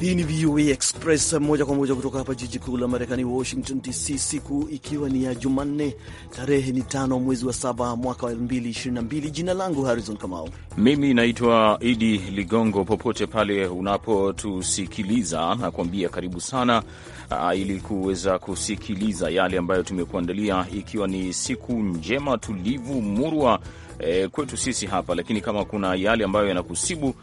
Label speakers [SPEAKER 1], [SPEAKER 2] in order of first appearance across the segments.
[SPEAKER 1] Hii ni VOA Express moja kwa moja kutoka hapa jiji kuu la Marekani, Washington DC, siku ikiwa ni ya Jumanne, tarehe ni tano mwezi wa saba mwaka wa mbili. Jina langu Harrison Kamau,
[SPEAKER 2] mimi naitwa Idi Ligongo. Popote pale unapotusikiliza, nakuambia karibu sana, uh, ili kuweza kusikiliza yale ambayo tumekuandalia, ikiwa ni siku njema, tulivu, murwa eh, kwetu sisi hapa, lakini kama kuna yale ambayo yanakusibu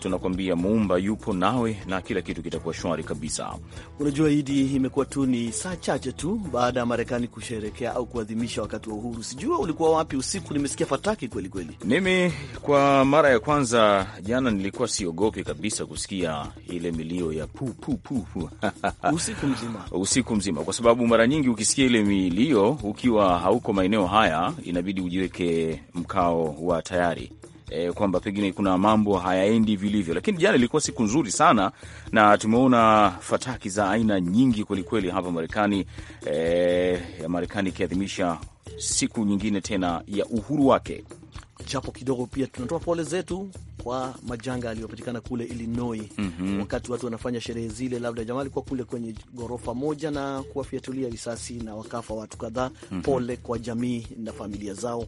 [SPEAKER 2] tunakwambia muumba yupo nawe na kila kitu kitakuwa shwari kabisa.
[SPEAKER 1] Unajua Idi, imekuwa tu ni saa chache tu baada ya Marekani kusherekea au kuadhimisha wakati wa uhuru. Sijua ulikuwa wapi usiku, nimesikia fataki kwelikweli.
[SPEAKER 2] Mimi kwa mara ya kwanza jana nilikuwa siogopi kabisa kusikia ile milio ya pu,
[SPEAKER 3] pu, pu.
[SPEAKER 2] usiku mzima, usiku mzima, kwa sababu mara nyingi ukisikia ile milio ukiwa hauko maeneo haya inabidi ujiweke mkao wa tayari e, kwamba pengine kuna mambo hayaendi vilivyo, lakini jana ilikuwa siku nzuri sana na tumeona fataki za aina nyingi kwelikweli hapa Marekani, e, Marekani ikiadhimisha siku nyingine tena ya uhuru wake,
[SPEAKER 1] japo kidogo pia tunatoa pole zetu kwa majanga yaliyopatikana kule Illinois mm -hmm. Wakati watu wanafanya sherehe zile, labda jamaa alikuwa kule kwenye ghorofa moja na kuwafiatulia risasi na wakafa watu kadhaa mm -hmm. Pole kwa jamii na familia zao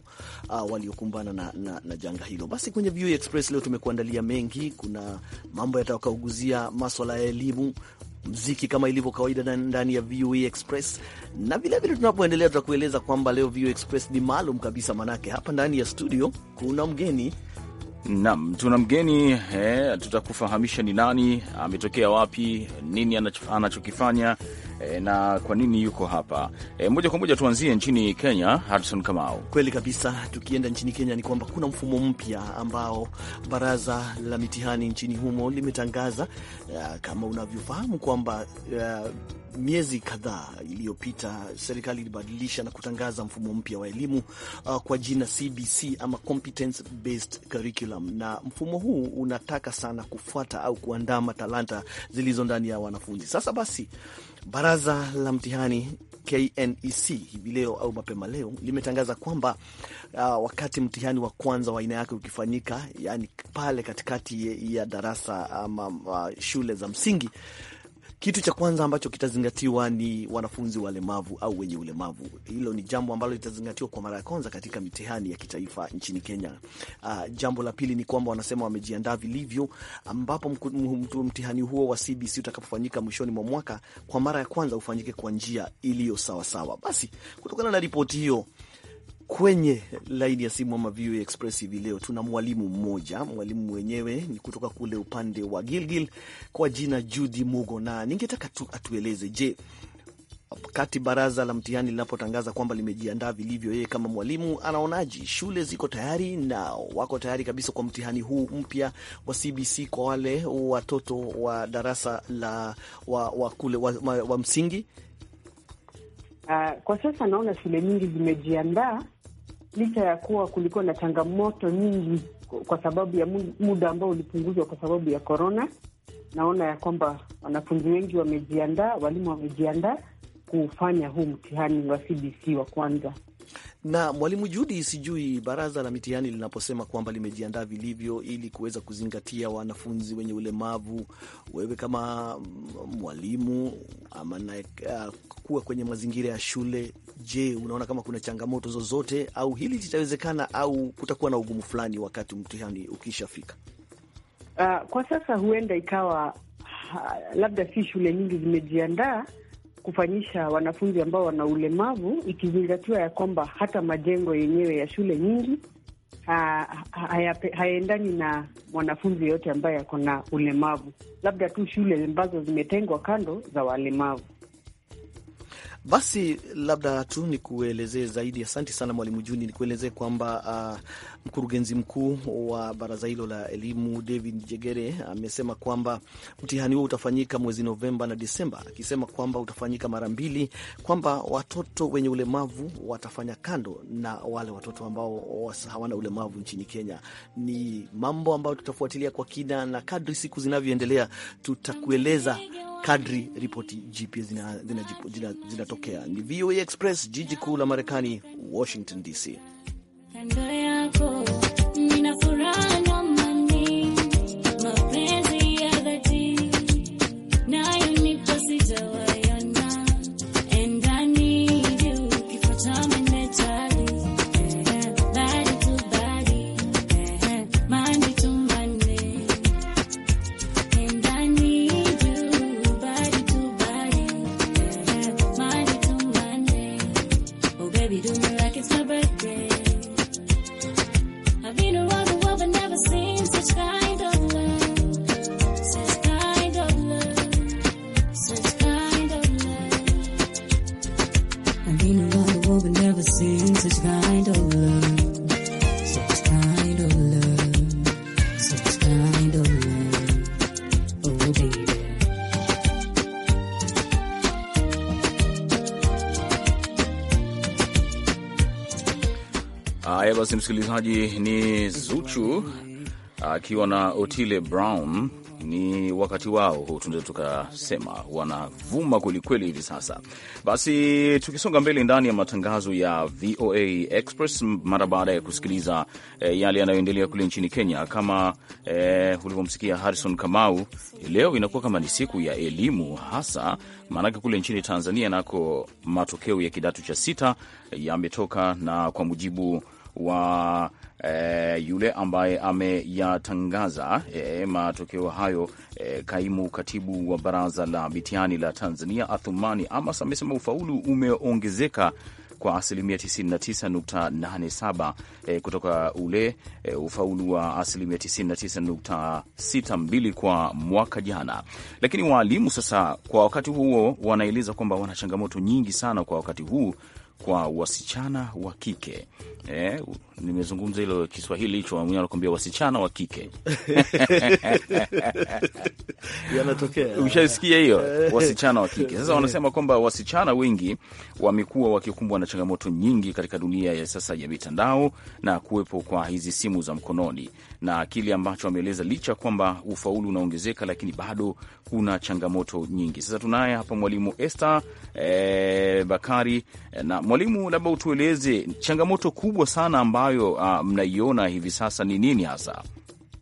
[SPEAKER 1] uh, waliokumbana na, na, na janga hilo. Basi kwenye VOA Express leo tumekuandalia mengi, kuna mambo yatakauguzia maswala ya elimu, mziki kama ilivyo kawaida ndani ya VOA Express, na vilevile tunapoendelea tutakueleza kwamba leo VOA Express ni maalum kabisa, manake hapa ndani ya studio kuna mgeni
[SPEAKER 2] Nam, tuna mgeni eh, tutakufahamisha ni nani, ametokea wapi, nini anachokifanya e, na kwa nini yuko hapa e, moja kwa moja tuanzie nchini Kenya. Harrison Kamau,
[SPEAKER 1] kweli kabisa. Tukienda nchini Kenya ni kwamba kuna mfumo mpya ambao baraza la mitihani nchini humo limetangaza uh, kama unavyofahamu kwamba uh, miezi kadhaa iliyopita serikali ilibadilisha na kutangaza mfumo mpya wa elimu uh, kwa jina CBC ama competence based curriculum, na mfumo huu unataka sana kufuata au kuandama talanta zilizo ndani ya wanafunzi. Sasa basi Baraza la mtihani KNEC hivi leo au mapema leo limetangaza kwamba uh, wakati mtihani wa kwanza wa aina yake ukifanyika, yani pale katikati ya darasa ama uh, shule za msingi kitu cha kwanza ambacho kitazingatiwa ni wanafunzi walemavu au wenye ulemavu. Hilo ni jambo ambalo litazingatiwa kwa mara ya kwanza katika mitihani ya kitaifa nchini Kenya. Uh, jambo la pili ni kwamba wanasema wamejiandaa vilivyo, ambapo mtihani huo wa CBC utakapofanyika mwishoni mwa mwaka, kwa mara ya kwanza ufanyike kwa njia iliyo sawasawa. Basi kutokana na ripoti hiyo kwenye laini ya simu ama VOA Express hivi leo tuna mwalimu mmoja. Mwalimu mwenyewe ni kutoka kule upande wa Gilgil kwa jina judi Mugo, na ningetaka tu atueleze, je, wakati baraza la mtihani linapotangaza kwamba limejiandaa vilivyo, yeye kama mwalimu anaonaje? Shule ziko tayari na wako tayari kabisa kwa mtihani huu mpya wa CBC kwa wale watoto wa darasa la wa, wa, kule, wa, wa, wa msingi?
[SPEAKER 4] Uh, kwa sasa naona shule nyingi zimejiandaa licha ya kuwa kulikuwa na changamoto nyingi kwa sababu ya muda ambao ulipunguzwa kwa sababu ya korona, naona ya kwamba wanafunzi wengi wamejiandaa, walimu wamejiandaa kufanya huu mtihani wa CBC wa kwanza.
[SPEAKER 1] Na Mwalimu judi sijui baraza la mitihani linaposema kwamba limejiandaa vilivyo ili kuweza kuzingatia wanafunzi wenye ulemavu, wewe kama mwalimu ama uh, kuwa kwenye mazingira ya shule, je, unaona kama kuna changamoto zozote au hili litawezekana au kutakuwa na ugumu fulani wakati mtihani ukishafika?
[SPEAKER 4] Uh, kwa sasa huenda ikawa uh, labda si shule nyingi zimejiandaa kufanyisha wanafunzi ambao wana ulemavu, ikizingatiwa ya kwamba hata majengo yenyewe ya shule nyingi hayaendani na mwanafunzi yoyote ambaye ako na ulemavu, labda tu shule ambazo zimetengwa kando za walemavu. Basi labda tu
[SPEAKER 1] nikuelezee zaidi. Asante sana Mwalimu Juni, nikuelezee kwamba uh, mkurugenzi mkuu wa baraza hilo la elimu David Jegere amesema kwamba mtihani huo utafanyika mwezi Novemba na Disemba, akisema kwamba utafanyika mara mbili, kwamba watoto wenye ulemavu watafanya kando na wale watoto ambao hawana ulemavu nchini Kenya. Ni mambo ambayo tutafuatilia kwa kina, na kadri siku zinavyoendelea tutakueleza kadri ripoti jipya zinatokea zina, zina, zina. Ni VOA Express, jiji kuu la Marekani, Washington DC.
[SPEAKER 4] be doing like it's my birthday.
[SPEAKER 2] msikilizaji, ni Zuchu akiwa na Otile Brown. Ni wakati wao huu, tunaweza tukasema wanavuma kwelikweli hivi sasa. Basi tukisonga mbele ndani ya matangazo ya VOA Express, mara baada ya kusikiliza e, yale yanayoendelea kule nchini Kenya, kama e, ulivyomsikia Harrison Kamau, leo inakuwa kama ni siku ya elimu hasa, maanake kule nchini Tanzania nako matokeo ya kidato cha sita eh, yametoka, na kwa mujibu wa e, yule ambaye ameyatangaza e, matokeo hayo e, kaimu katibu wa baraza la mitihani la Tanzania Athumani Amas amesema ufaulu umeongezeka kwa asilimia 99.87 e, kutoka ule e, ufaulu wa asilimia 99.62 kwa mwaka jana. Lakini waalimu sasa, kwa wakati huo, wanaeleza kwamba wana changamoto nyingi sana kwa wakati huu kwa wasichana wa kike eh, nimezungumza hilo Kiswahili hicho, mwenyewe anakuambia wasichana wa kike yanatokea. hiyo wasichana wa kike? Sasa wanasema kwamba wasichana wengi wamekuwa wakikumbwa na changamoto nyingi katika dunia ya sasa ya mitandao na kuwepo kwa hizi simu za mkononi na kile ambacho ameeleza, licha kwamba ufaulu unaongezeka, lakini bado kuna changamoto nyingi. Sasa tunaye hapa mwalimu Esther eh, Bakari. Eh, na mwalimu, labda utueleze changamoto kubwa sana ambayo ah, mnaiona hivi sasa ni nini hasa?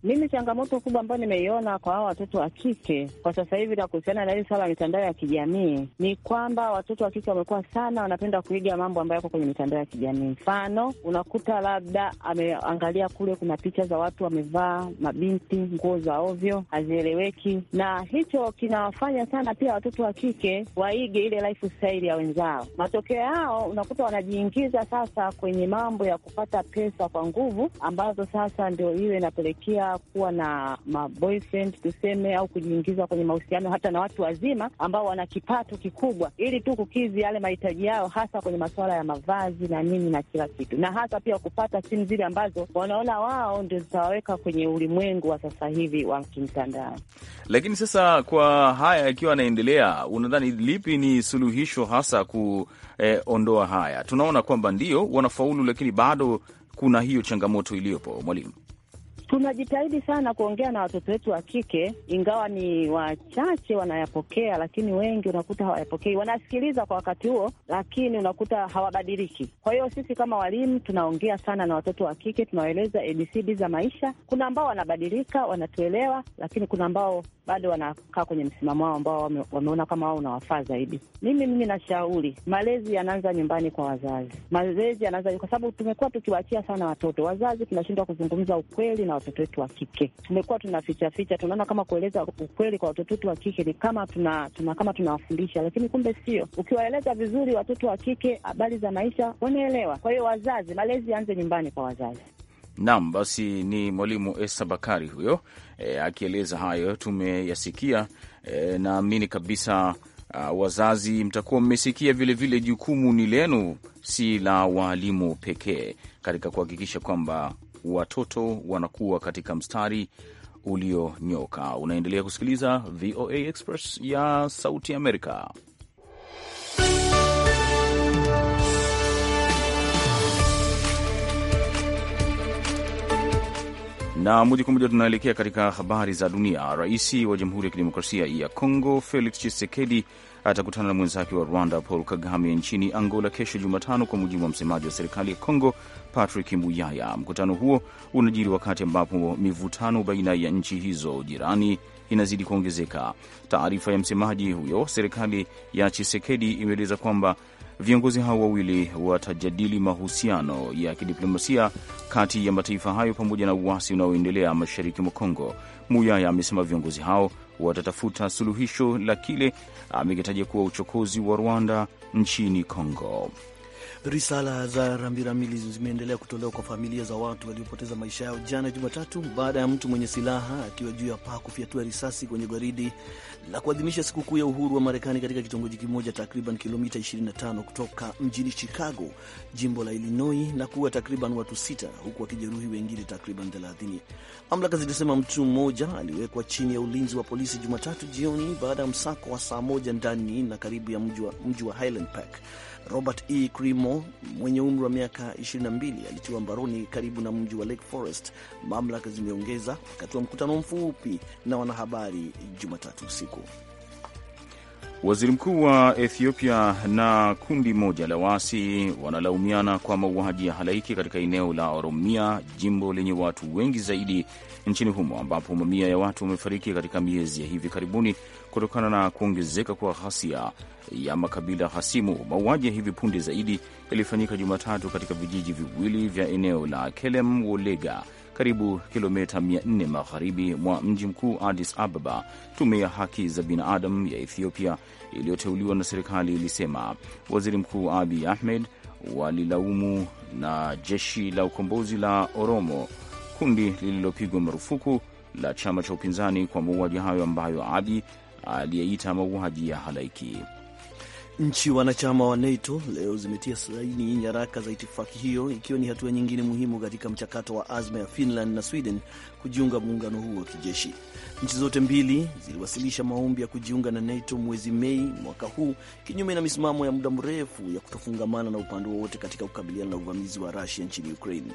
[SPEAKER 4] Mimi changamoto kubwa ambayo nimeiona kwa hawa watoto wa kike kwa sasa hivi na kuhusiana na hili swala la mitandao ya kijamii ni kwamba watoto wa kike wamekuwa sana wanapenda kuiga mambo ambayo yako kwenye mitandao ya kijamii. Mfano, unakuta labda ameangalia kule, kuna picha za watu wamevaa mabinti nguo za ovyo, hazieleweki, na hicho kinawafanya sana pia watoto wa kike waige ile lifestyle ya wenzao. Matokeo yao unakuta wanajiingiza sasa kwenye mambo ya kupata pesa kwa nguvu, ambazo sasa ndio hiyo inapelekea kuwa na maboyfriend tuseme, au kujiingiza kwenye mahusiano hata na watu wazima ambao wana kipato kikubwa, ili tu kukidhi yale mahitaji yao, hasa kwenye masuala ya mavazi na nini na kila kitu, na hasa pia kupata simu zile ambazo wanaona wao ndio zitawaweka kwenye ulimwengu wa sasa hivi wa kimtandao.
[SPEAKER 2] Lakini sasa kwa haya yakiwa yanaendelea, unadhani lipi ni suluhisho hasa kuondoa eh, haya? Tunaona kwamba ndio wanafaulu, lakini bado kuna hiyo changamoto iliyopo, mwalimu.
[SPEAKER 4] Tunajitahidi sana kuongea na watoto wetu wa kike, ingawa ni wachache wanayapokea, lakini wengi unakuta hawayapokei. Wanasikiliza kwa wakati huo, lakini unakuta hawabadiliki. Kwa hiyo sisi kama walimu tunaongea sana na watoto wa kike, tunawaeleza ABCD za maisha. Kuna ambao wanabadilika, wanatuelewa, lakini kuna ambao bado wanakaa kwenye msimamo wao ambao wame, wameona kama wao unawafaa zaidi. Mimi mimi nashauri malezi yanaanza nyumbani kwa wazazi, malezi yanaanza kwa sababu tumekuwa tukiwaachia sana watoto. Wazazi tunashindwa kuzungumza ukweli na watoto wetu wa kike. Tumekuwa tunaficha ficha, tunaona kama kueleza ukweli kwa watoto wetu wa kike ni kama tuna, tuna kama tunawafundisha, lakini kumbe sio. Ukiwaeleza vizuri watoto wa kike habari za maisha wanaelewa. Kwa hiyo wazazi, malezi yaanze nyumbani kwa wazazi.
[SPEAKER 2] Naam, basi ni mwalimu Esa Bakari huyo e, akieleza hayo tumeyasikia. E, naamini kabisa Uh, wazazi mtakuwa mmesikia vilevile, jukumu ni lenu, si la waalimu pekee katika kuhakikisha kwamba watoto wanakuwa katika mstari ulionyoka. Unaendelea kusikiliza VOA Express ya Sauti Amerika. Na moja kwa moja tunaelekea katika habari za dunia. Rais wa Jamhuri ya Kidemokrasia ya Kongo Felix Tshisekedi atakutana na mwenzake wa Rwanda Paul Kagame nchini Angola kesho Jumatano, kwa mujibu wa msemaji wa serikali ya congo Patrick Muyaya. Mkutano huo unajiri wakati ambapo mivutano baina ya nchi hizo jirani inazidi kuongezeka. Taarifa ya msemaji huyo serikali ya Chisekedi imeeleza kwamba Viongozi hao wawili watajadili mahusiano ya kidiplomasia kati ya mataifa hayo pamoja na uasi unaoendelea mashariki mwa Kongo. Muyaya amesema viongozi hao watatafuta suluhisho la kile amekitaja kuwa uchokozi wa Rwanda nchini Kongo.
[SPEAKER 1] Risala za rambirambi zimeendelea kutolewa kwa familia za watu waliopoteza maisha yao jana Jumatatu baada ya mtu mwenye silaha akiwa juu ya paa kufyatua risasi kwenye gwaridi la kuadhimisha sikukuu ya uhuru wa Marekani katika kitongoji kimoja takriban kilomita 25 kutoka mjini Chicago, jimbo la Illinois, na kuua takriban watu sita huku wakijeruhi wengine takriban 30. Mamlaka zilisema mtu mmoja aliwekwa chini ya ulinzi wa polisi Jumatatu jioni baada ya msako wa saa moja ndani na karibu ya mji wa Highland Park. Robert E. Crimo mwenye umri wa miaka 22 alitiwa mbaroni karibu na mji wa Lake Forest, mamlaka zimeongeza, wakati wa mkutano mfupi na wanahabari Jumatatu usiku.
[SPEAKER 2] Waziri mkuu wa Ethiopia na kundi moja la waasi wanalaumiana kwa mauaji ya halaiki katika eneo la Oromia, jimbo lenye watu wengi zaidi nchini humo, ambapo mamia ya watu wamefariki katika miezi ya hivi karibuni kutokana na kuongezeka kwa ghasia ya makabila hasimu. Mauaji ya hivi punde zaidi yalifanyika Jumatatu katika vijiji viwili vya eneo la Kelem Wolega karibu kilomita 400 magharibi mwa mji mkuu Addis Ababa. Tume ya haki za binadamu ya Ethiopia iliyoteuliwa na serikali ilisema waziri mkuu Abiy Ahmed walilaumu na jeshi la ukombozi la Oromo, kundi lililopigwa marufuku la chama cha upinzani, kwa mauaji hayo ambayo Abiy aliyeita
[SPEAKER 1] mauaji ya halaiki. Nchi wanachama wa NATO leo zimetia saini nyaraka za itifaki hiyo, ikiwa ni hatua nyingine muhimu katika mchakato wa azma ya Finland na Sweden kujiunga muungano huo wa kijeshi. Nchi zote mbili ziliwasilisha maombi ya kujiunga na NATO mwezi Mei mwaka huu, kinyume na misimamo ya muda mrefu ya kutofungamana na upande wowote katika kukabiliana na uvamizi wa Rusia nchini Ukraine.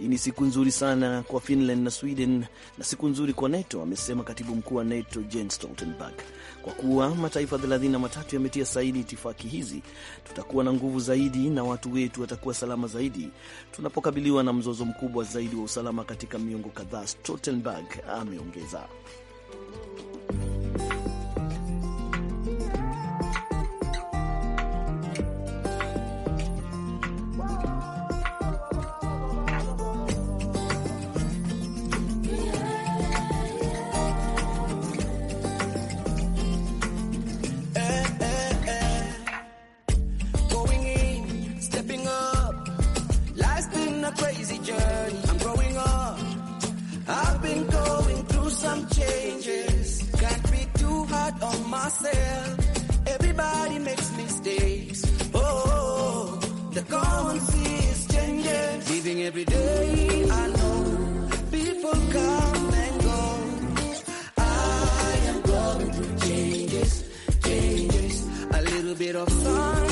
[SPEAKER 1] Hii ni siku nzuri sana kwa Finland na Sweden na siku nzuri kwa NATO, amesema katibu mkuu wa NATO Jens Stoltenberg, kwa kuwa mataifa 33 yametia saini itifaki hizi, tutakuwa na nguvu zaidi na watu wetu watakuwa salama zaidi tunapokabiliwa na mzozo mkubwa zaidi wa usalama katika miongo kadhaa, Stoltenberg ameongeza. a crazy journey. I'm growing up. I've been going through some changes. Can't be too hard on myself. Everybody makes mistakes. Oh, oh, oh. the currency is changing. Living every day, I know people come and go. I am going through changes, changes. A little bit of fun.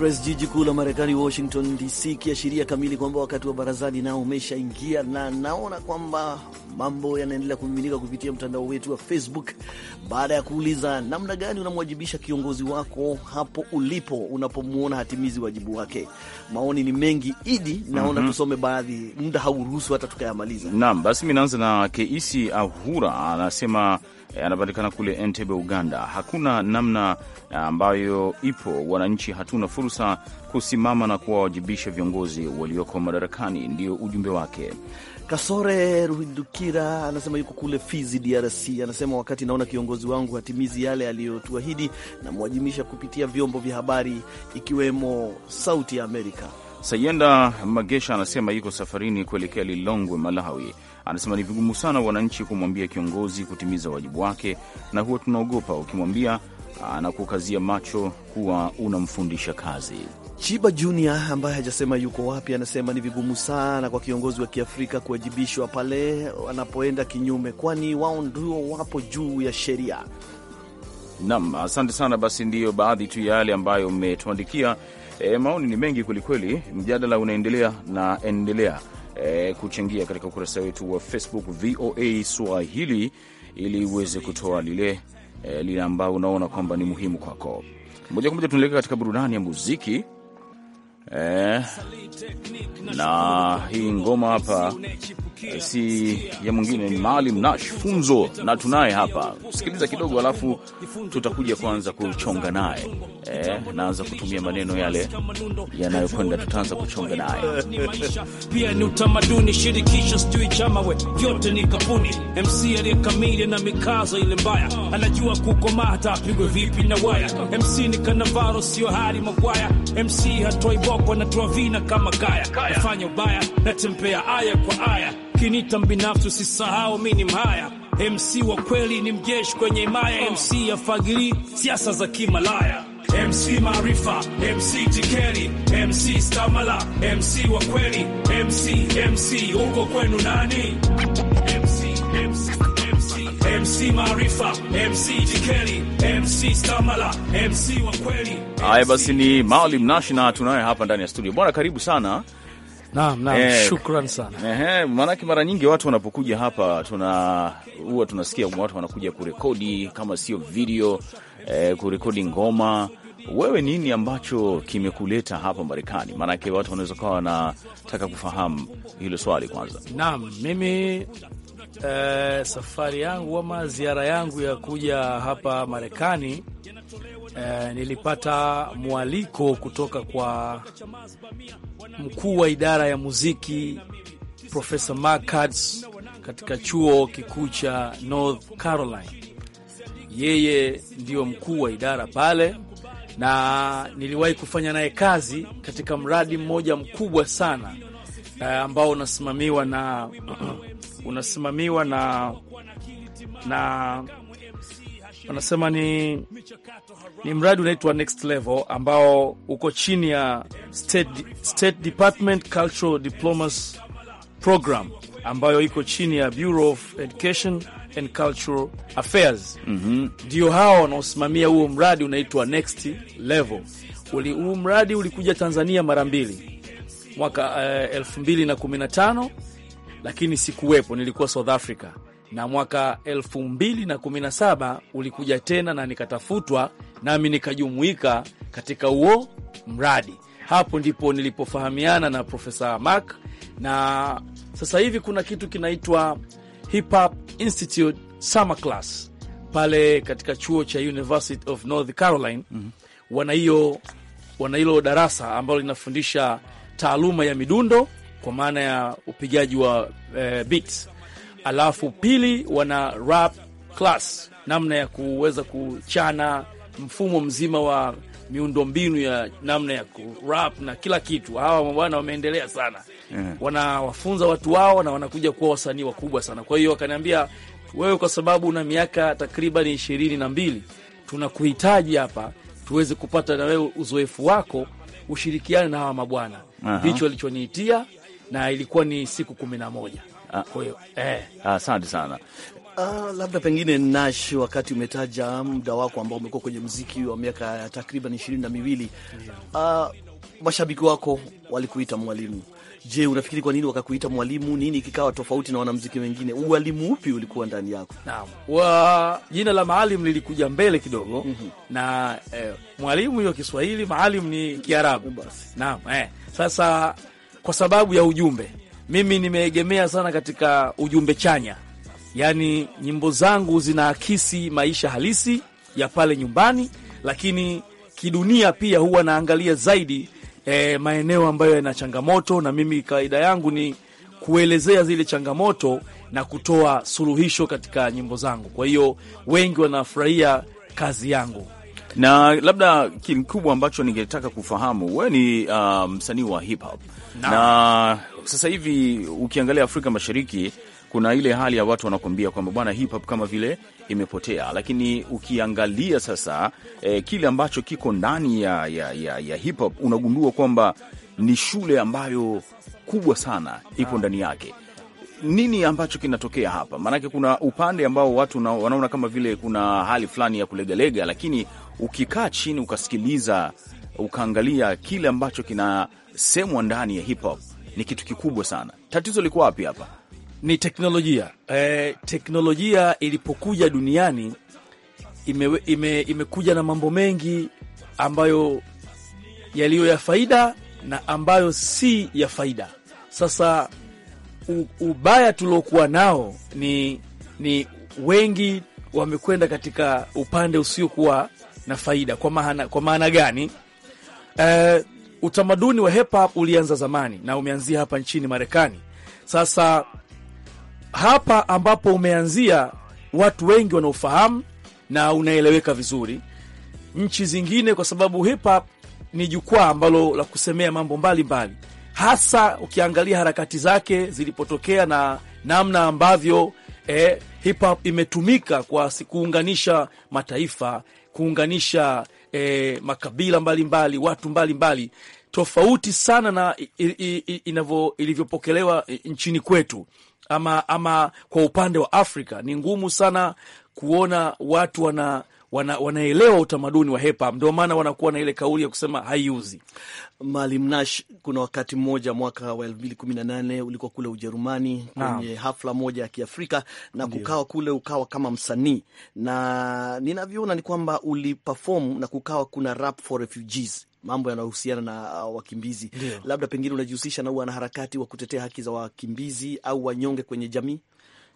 [SPEAKER 1] Express, jiji kuu la Marekani, Washington DC, kiashiria kamili kwamba wakati wa barazani nao umeshaingia, na naona kwamba mambo yanaendelea kumiminika kupitia mtandao wetu wa Facebook baada ya kuuliza namna gani unamwajibisha kiongozi wako hapo ulipo unapomwona hatimizi wajibu wake. Maoni ni mengi Idi, naona mm -hmm. Tusome baadhi, muda hauruhusu hata tukayamaliza. Naam,
[SPEAKER 2] basi mi naanza na Keisi Ahura anasema yanapatikana eh, kule Entebbe, Uganda. Hakuna namna eh, ambayo ipo, wananchi hatuna fursa kusimama
[SPEAKER 1] na kuwawajibisha viongozi walioko madarakani, ndio ujumbe wake. Kasore Ruhindukira anasema yuko kule Fizi, DRC. Anasema wakati naona kiongozi wangu hatimizi yale aliyotuahidi, namwajimisha kupitia vyombo vya habari ikiwemo Sauti ya Amerika.
[SPEAKER 2] Sayenda Magesha anasema yuko safarini kuelekea Lilongwe, Malawi. Anasema ni vigumu sana wananchi kumwambia kiongozi kutimiza wajibu wake, na huwa tunaogopa ukimwambia anakukazia macho kuwa unamfundisha kazi.
[SPEAKER 1] Chiba Junior ambaye hajasema yuko wapi, anasema ni vigumu sana kwa kiongozi wa Kiafrika kuwajibishwa pale wanapoenda kinyume, kwani wao ndio wapo juu ya sheria.
[SPEAKER 2] Nam, asante sana. Basi ndiyo baadhi tu ya yale ambayo mmetuandikia E, maoni ni mengi kwelikweli, mjadala unaendelea na endelea e, kuchangia katika ukurasa wetu wa Facebook VOA Swahili ili uweze kutoa lile e, lile ambao unaona kwamba ni muhimu kwako. Moja kwa moja tunaelekea katika burudani ya muziki e, na hii ngoma hapa si ya mwingine ni Maalim Nash Funzo, na tunaye hapa. Sikiliza kidogo, alafu tutakuja kuanza kuchonga naye eh, naanza kutumia maneno yale yanayokwenda, tutaanza kuchonga naye
[SPEAKER 3] pia ni utamaduni shirikisho, sijui chama we vyote ni kampuni. MC aliyekamili na mikazo ile mbaya, anajua kukoma hata apigwe vipi na waya. MC ni Kanavaro, sio Hari Magwaya. MC hatoi boko, anatoa vina kama kaya, nafanya ubaya, natembea aya kwa aya ukinita mbinafsi usisahau mi ni mhaya MC wa kweli ni mjeshi kwenye imaya MC ya fagiri siasa za kimalaya MC Maarifa, MC Tikeli, MC Stamala, MC wa kweli, MC MC uko kwenu nani? MC MC MC MC Maarifa, MC Tikeli, MC Stamala, MC wa kweli. Haya
[SPEAKER 2] basi, ni Maalim Nash na tunaye hapa ndani ya studio. Bwana, karibu sana.
[SPEAKER 3] Naam, naam, eh, shukran sana.
[SPEAKER 2] Eh, maanake mara nyingi watu wanapokuja hapa tuna huwa tunasikia watu wanakuja kurekodi kama sio video eh, kurekodi ngoma wewe nini ambacho kimekuleta hapa Marekani? Maanake watu wanaweza kuwa wanataka kufahamu hilo swali kwanza.
[SPEAKER 3] Naam, mimi eh, safari yangu ama ziara yangu ya kuja hapa Marekani Eh, nilipata mwaliko kutoka kwa mkuu wa idara ya muziki Profesa Mark katika chuo kikuu cha North Carolina. Yeye ndiyo mkuu wa idara pale, na niliwahi kufanya naye kazi katika mradi mmoja mkubwa sana eh, ambao unasimamiwa na unasimamiwa na na wanasema ni, ni mradi unaitwa Next Level ambao uko chini ya State, State Department Cultural Diplomas Program ambayo iko chini ya Bureau of Education and Cultural Affairs. Mm-hmm. Ndio wanaosimamia huo mradi unaitwa Next Level. Uli, huu mradi ulikuja Tanzania mara mbili mwaka uh, eh, 2015 lakini sikuwepo, nilikuwa South Africa na mwaka 217 ulikuja tena na nikatafutwa, nami nikajumuika katika huo mradi. Hapo ndipo nilipofahamiana na Profesa Mark, na sasa hivi kuna kitu kinaitwa Hip Hop Institute Summer Class pale katika chuo cha University of North Carolina. mm -hmm. wana hiyo wana hilo darasa ambalo linafundisha taaluma ya midundo kwa maana ya upigaji wa eh, beats alafu pili wana rap class, namna ya kuweza kuchana mfumo mzima wa miundo mbinu ya namna ya kurap na kila kitu. Hawa mabwana wameendelea sana, yeah. Wanawafunza watu wao na wanakuja kuwa wasanii wakubwa sana. Kwa hiyo wakaniambia, wewe kwa sababu una miaka takriban ishirini na mbili tunakuhitaji hapa tuweze kupata na wewe uzoefu wako, ushirikiane na hawa mabwana. Ndicho uh -huh. alichoniitia na ilikuwa ni siku kumi na moja. Ah. Kwa eh,
[SPEAKER 2] ah, asante sana.
[SPEAKER 1] Uh, labda pengine Nash, wakati umetaja muda wako ambao umekuwa kwenye mziki wa miaka takriban ishirini na miwili yeah. Uh, mashabiki wako walikuita mwalimu. Je, unafikiri kwa nini wakakuita mwalimu? Nini kikawa tofauti na wanamziki wengine? Ualimu upi ulikuwa ndani yako? Naam,
[SPEAKER 3] wa jina la maalim lilikuja mbele kidogo mm -hmm. na eh, mwalimu hiyo Kiswahili, maalim ni Kiarabu. Naam, eh, sasa kwa sababu ya ujumbe mimi nimeegemea sana katika ujumbe chanya, yaani nyimbo zangu zinaakisi maisha halisi ya pale nyumbani, lakini kidunia pia huwa naangalia zaidi e, maeneo ambayo yana changamoto, na mimi kawaida yangu ni kuelezea zile changamoto na kutoa suluhisho katika nyimbo zangu. Kwa hiyo wengi wanafurahia kazi yangu.
[SPEAKER 2] Na labda kikubwa ambacho ningetaka kufahamu, wewe ni uh, msanii um, wa hip hop na, na sasa hivi ukiangalia Afrika Mashariki kuna ile hali ya watu wanakuambia kwamba bwana, hip hop kama vile imepotea, lakini ukiangalia sasa eh, kile ambacho kiko ndani ya, ya, ya, ya hip hop unagundua kwamba ni shule ambayo kubwa sana ipo ndani yake. Nini ambacho kinatokea hapa? Maanake kuna upande ambao watu wanaona kama vile kuna hali fulani ya kulegalega, lakini ukikaa chini ukasikiliza ukaangalia kile ambacho kinasemwa ndani ya hip hop ni kitu kikubwa sana. Tatizo liko wapi hapa?
[SPEAKER 3] Ni teknolojia. E, teknolojia ilipokuja duniani ime, ime, imekuja na mambo mengi ambayo yaliyo ya faida na ambayo si ya faida. Sasa u, ubaya tuliokuwa nao ni, ni wengi wamekwenda katika upande usiokuwa na faida. Kwa maana, kwa maana gani? Uh, utamaduni wa hip hop ulianza zamani na umeanzia hapa nchini Marekani. Sasa hapa ambapo umeanzia, watu wengi wanaofahamu na unaeleweka vizuri nchi zingine, kwa sababu hip hop ni jukwaa ambalo la kusemea mambo mbalimbali mbali. Hasa ukiangalia harakati zake zilipotokea na namna ambavyo eh, hip hop imetumika kwa kuunganisha mataifa kuunganisha e, makabila mbalimbali mbali, watu mbalimbali mbali, tofauti sana na ilivyopokelewa e, nchini kwetu ama, ama kwa upande wa Afrika ni ngumu sana kuona watu wana wana, wanaelewa
[SPEAKER 1] utamaduni wa hip hop, ndio maana wanakuwa na ile kauli ya kusema haiuzi. Maalim Nash, kuna wakati mmoja mwaka wa elfu mbili kumi na nane ulikuwa kule Ujerumani kwenye ah, hafla moja ya Kiafrika na Ndiyo. kukawa kule ukawa kama msanii na ninavyoona ni kwamba uliperform na kukawa kuna rap for refugees mambo yanayohusiana na uh, wakimbizi labda pengine unajihusisha na wanaharakati wa kutetea haki za wakimbizi au wanyonge kwenye jamii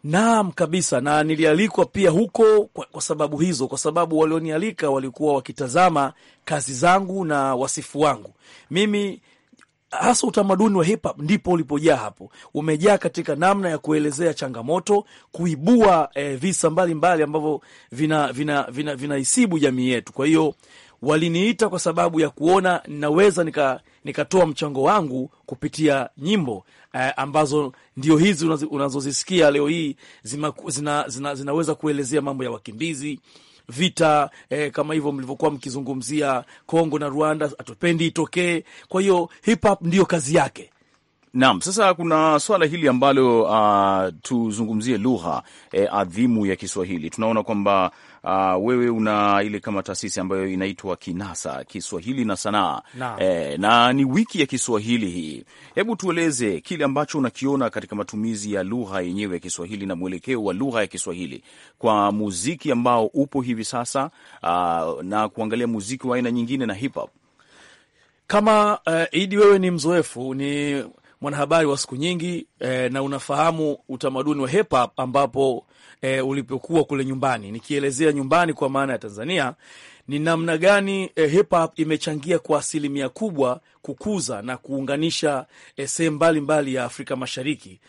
[SPEAKER 1] Naam, kabisa, na nilialikwa pia huko kwa, kwa sababu hizo, kwa sababu walionialika
[SPEAKER 3] walikuwa wakitazama kazi zangu na wasifu wangu mimi hasa utamaduni wa hip hop ndipo ulipojaa hapo. Umejaa katika namna ya kuelezea changamoto, kuibua eh, visa mbalimbali ambavyo vinaisibu vina, vina, vina jamii yetu. Kwa hiyo waliniita kwa sababu ya kuona naweza nika nikatoa mchango wangu kupitia nyimbo eh, ambazo ndio hizi unazozisikia leo hii zima, zina, zina, zinaweza kuelezea mambo ya wakimbizi vita eh, kama hivyo mlivyokuwa mkizungumzia Kongo na Rwanda, hatupendi itokee. Kwa hiyo hip hop ndiyo kazi yake.
[SPEAKER 2] Naam, sasa kuna swala hili ambalo uh, tuzungumzie lugha eh, adhimu ya Kiswahili. Tunaona kwamba uh, wewe una ile kama taasisi ambayo inaitwa KINASA, Kiswahili na Sanaa na. Eh, na ni wiki ya Kiswahili hii. Hebu tueleze kile ambacho unakiona katika matumizi ya lugha yenyewe ya Kiswahili na mwelekeo wa lugha ya Kiswahili kwa muziki ambao upo hivi sasa, uh,
[SPEAKER 3] na kuangalia muziki wa aina nyingine na hip hop kama uh, Idi, wewe ni mzoefu, ni mwanahabari wa siku nyingi eh, na unafahamu utamaduni wa hip hop ambapo e, ulipokuwa kule nyumbani. Nikielezea nyumbani kwa maana ya Tanzania, ni namna gani e, hip hop imechangia kwa asilimia kubwa kukuza na kuunganisha e, sehemu mbalimbali ya Afrika Mashariki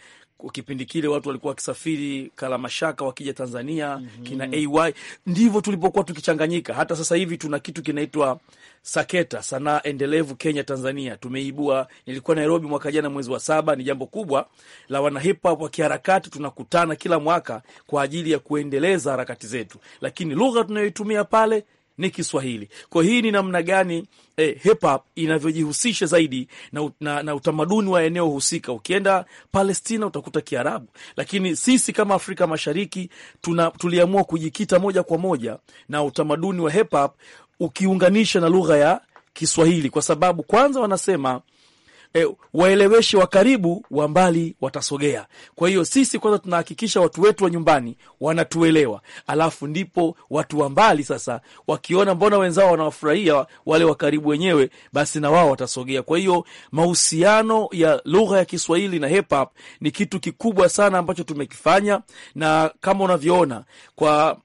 [SPEAKER 3] kipindi kile watu walikuwa wakisafiri Kalamashaka wakija Tanzania mm -hmm. kina AY ndivyo tulipokuwa tukichanganyika. Hata sasa hivi tuna kitu kinaitwa Saketa, sanaa endelevu Kenya Tanzania tumeibua. Nilikuwa Nairobi mwaka jana mwezi wa saba, ni jambo kubwa la wana hip hop wa kiharakati. Tunakutana kila mwaka kwa ajili ya kuendeleza harakati zetu, lakini lugha tunayoitumia pale ni Kiswahili. Kwa hii ni namna gani eh, hip hop inavyojihusisha zaidi na, na, na utamaduni wa eneo husika. Ukienda Palestina utakuta Kiarabu, lakini sisi kama Afrika Mashariki tuna, tuliamua kujikita moja kwa moja na utamaduni wa hip hop ukiunganisha na lugha ya Kiswahili kwa sababu kwanza wanasema e, waeleweshe wa karibu, wa mbali watasogea. Kwa hiyo sisi kwanza tunahakikisha watu wetu wa nyumbani wanatuelewa, alafu ndipo watu wa mbali sasa wakiona mbona wenzao wanawafurahia wale wa karibu wenyewe, basi na wao watasogea. Kwa hiyo mahusiano ya lugha ya Kiswahili na hip hop ni kitu kikubwa sana ambacho tumekifanya, na kama unavyoona kwa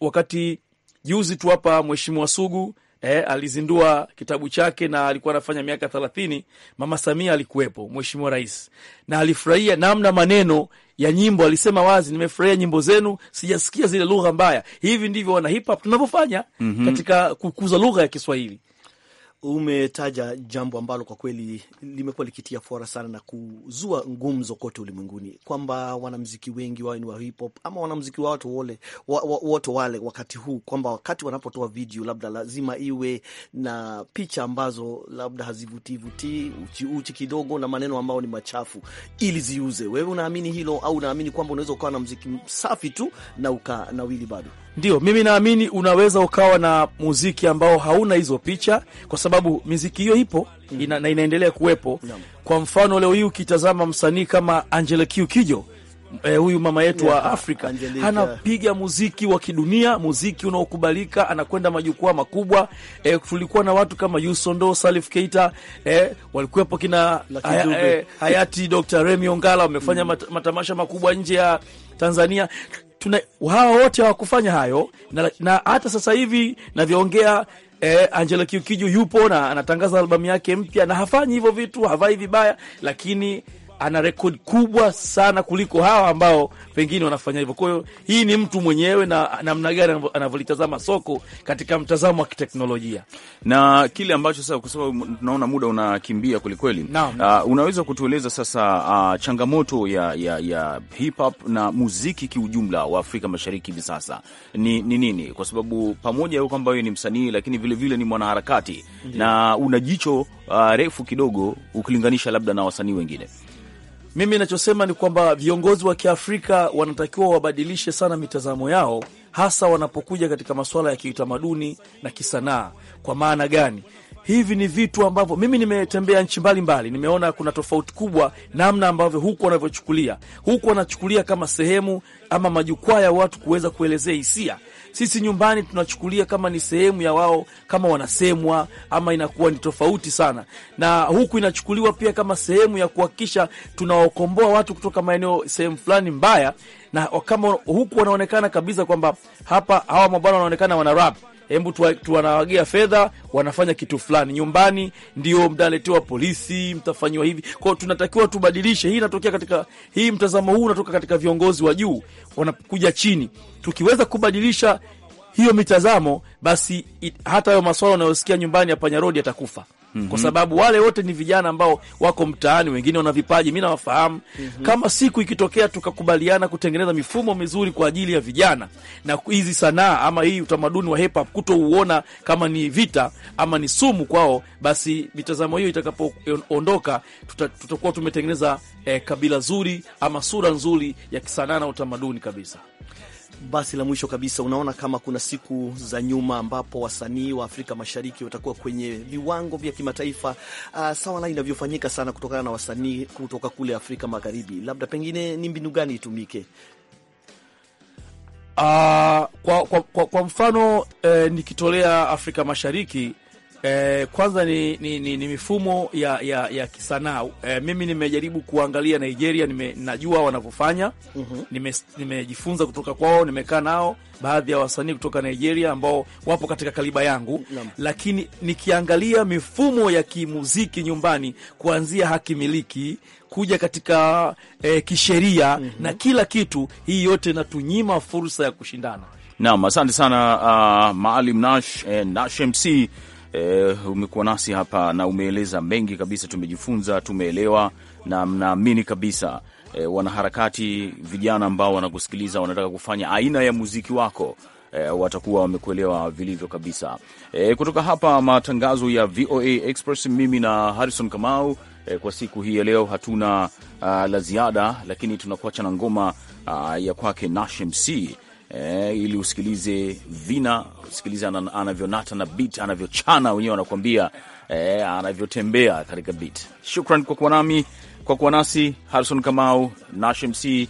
[SPEAKER 3] wakati juzi tu hapa Mheshimiwa Sugu eh, alizindua kitabu chake na alikuwa anafanya miaka thelathini. Mama Samia alikuwepo, mheshimiwa rais, na alifurahia namna maneno ya nyimbo. Alisema wazi, nimefurahia nyimbo zenu, sijasikia zile lugha mbaya. Hivi ndivyo wana hip hop tunavyofanya
[SPEAKER 4] mm
[SPEAKER 1] -hmm. katika kukuza lugha ya Kiswahili. Umetaja jambo ambalo kwa kweli limekuwa likitia fora sana na kuzua ngumzo kote ulimwenguni kwamba wanamziki wengi wawe ni wa hip hop ama wanamziki wa watu wote wa, wa, wale wakati huu kwamba wakati wanapotoa video labda lazima iwe na picha ambazo labda hazivutii vutii, uchi uchi kidogo na maneno ambayo ni machafu ili ziuze. Wewe unaamini hilo au unaamini kwamba unaweza ukawa na mziki safi tu na ukanawili bado?
[SPEAKER 3] Ndio, mimi naamini unaweza ukawa na muziki ambao hauna hizo picha, kwa sababu miziki hiyo ipo mm. ina, na inaendelea kuwepo. Kwa mfano leo hii ukitazama msanii kama Angela Q Kijo Eh, huyu mama yetu yeah, wa Afrika Angelica. Anapiga muziki wa kidunia, muziki unaokubalika, anakwenda majukwaa makubwa. Eh, tulikuwa na watu kama Yusondo, Salif Keita, eh, walikuwepo kina haya, eh, hayati Dr. Remy Ongala wamefanya mm. matamasha makubwa nje ya Tanzania tuna, hawa wote hawakufanya hayo na, na hata sasa hivi navyoongea Eh, Angela Kiukiju yupo na anatangaza albamu yake mpya na hafanyi hivyo vitu, havai vibaya, lakini ana rekodi kubwa sana kuliko hawa ambao pengine wanafanya hivyo. Kwa hiyo hii ni mtu mwenyewe na namna gani anavyolitazama soko katika mtazamo wa kiteknolojia
[SPEAKER 2] na kile ambacho sasa, kwa sababu tunaona muda unakimbia kwelikweli, uh, unaweza kutueleza sasa uh, changamoto ya, ya, ya hip hop na muziki kiujumla wa Afrika Mashariki hivi sasa ni nini? kwa sababu pamoja huko kwamba wewe ni msanii lakini vilevile vile ni mwanaharakati na una jicho uh, refu kidogo ukilinganisha labda na wasanii wengine
[SPEAKER 3] mimi nachosema ni kwamba viongozi wa Kiafrika wanatakiwa wabadilishe sana mitazamo yao, hasa wanapokuja katika masuala ya kiutamaduni na kisanaa. Kwa maana gani? Hivi ni vitu ambavyo mimi nimetembea nchi mbalimbali, nimeona kuna tofauti kubwa namna ambavyo huku wanavyochukulia. Huku wanachukulia kama sehemu ama majukwaa ya watu kuweza kuelezea hisia sisi nyumbani tunachukulia kama ni sehemu ya wao, kama wanasemwa ama inakuwa ni tofauti sana, na huku inachukuliwa pia kama sehemu ya kuhakikisha tunawakomboa watu kutoka maeneo sehemu fulani mbaya, na kama huku wanaonekana kabisa kwamba hapa hawa mabwana wanaonekana wana rap hebu tuwanawagia fedha, wanafanya kitu fulani nyumbani, ndio mtaletewa polisi, mtafanyiwa hivi ko Tunatakiwa tubadilishe hii, inatokea katika hii, mtazamo huu unatoka katika viongozi wa juu, wanakuja chini. Tukiweza kubadilisha hiyo mitazamo, basi it, hata hayo maswala unayosikia nyumbani hapa Nyarodi yatakufa. -hmm. kwa sababu wale wote ni vijana ambao wako mtaani, wengine wana vipaji, mi nawafahamu mm -hmm. Kama siku ikitokea tukakubaliana kutengeneza mifumo mizuri kwa ajili ya vijana na hizi sanaa ama hii utamaduni wa hip hop kutouona kama ni vita ama ni sumu kwao, basi mitazamo hiyo itakapoondoka, tutakuwa tumetengeneza eh, kabila zuri ama sura nzuri ya kisanaa na
[SPEAKER 1] utamaduni kabisa. Basi la mwisho kabisa, unaona kama kuna siku za nyuma ambapo wasanii wa Afrika Mashariki watakuwa kwenye viwango vya kimataifa uh, sawa na inavyofanyika sana kutokana na wasanii kutoka kule Afrika Magharibi, labda pengine ni mbinu gani itumike? Uh, kwa, kwa, kwa, kwa mfano eh, nikitolea
[SPEAKER 3] Afrika Mashariki Eh, kwanza ni, ni, ni, ni mifumo ya, ya, ya kisanaa eh, mimi nimejaribu kuangalia Nigeria nime, najua wanavyofanya mm-hmm. nime, nimejifunza kutoka kwao, nimekaa nao baadhi ya wasanii kutoka Nigeria ambao wapo katika kaliba yangu Lama. Lakini nikiangalia mifumo ya kimuziki nyumbani kuanzia haki miliki kuja katika eh, kisheria mm-hmm. na kila kitu, hii yote inatunyima fursa ya kushindana.
[SPEAKER 2] Naam, asante sana uh, Maalim Nash, eh, Nash MC E, umekuwa nasi hapa na umeeleza mengi kabisa, tumejifunza, tumeelewa na mnaamini kabisa e, wanaharakati vijana ambao wanakusikiliza wanataka kufanya aina ya muziki wako e, watakuwa wamekuelewa vilivyo kabisa. E, kutoka hapa matangazo ya VOA Express, mimi na Harrison Kamau e, kwa siku hii ya leo hatuna uh, la ziada, lakini tunakuacha na ngoma uh, ya kwake Nash MC eh, ili usikilize vina, usikilize anavyonata na beat anavyochana, wenyewe anakuambia eh, anavyotembea katika beat. Shukran kwa kuwa nami, kwa kuwa nasi, Harison Kamau, Nash MC,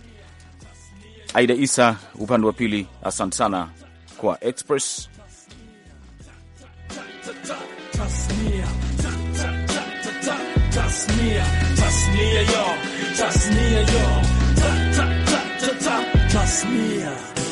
[SPEAKER 2] Aida Isa upande wa pili. Asante sana kwa Express
[SPEAKER 3] Tasnia, tasnia, tasnia yo, tasnia.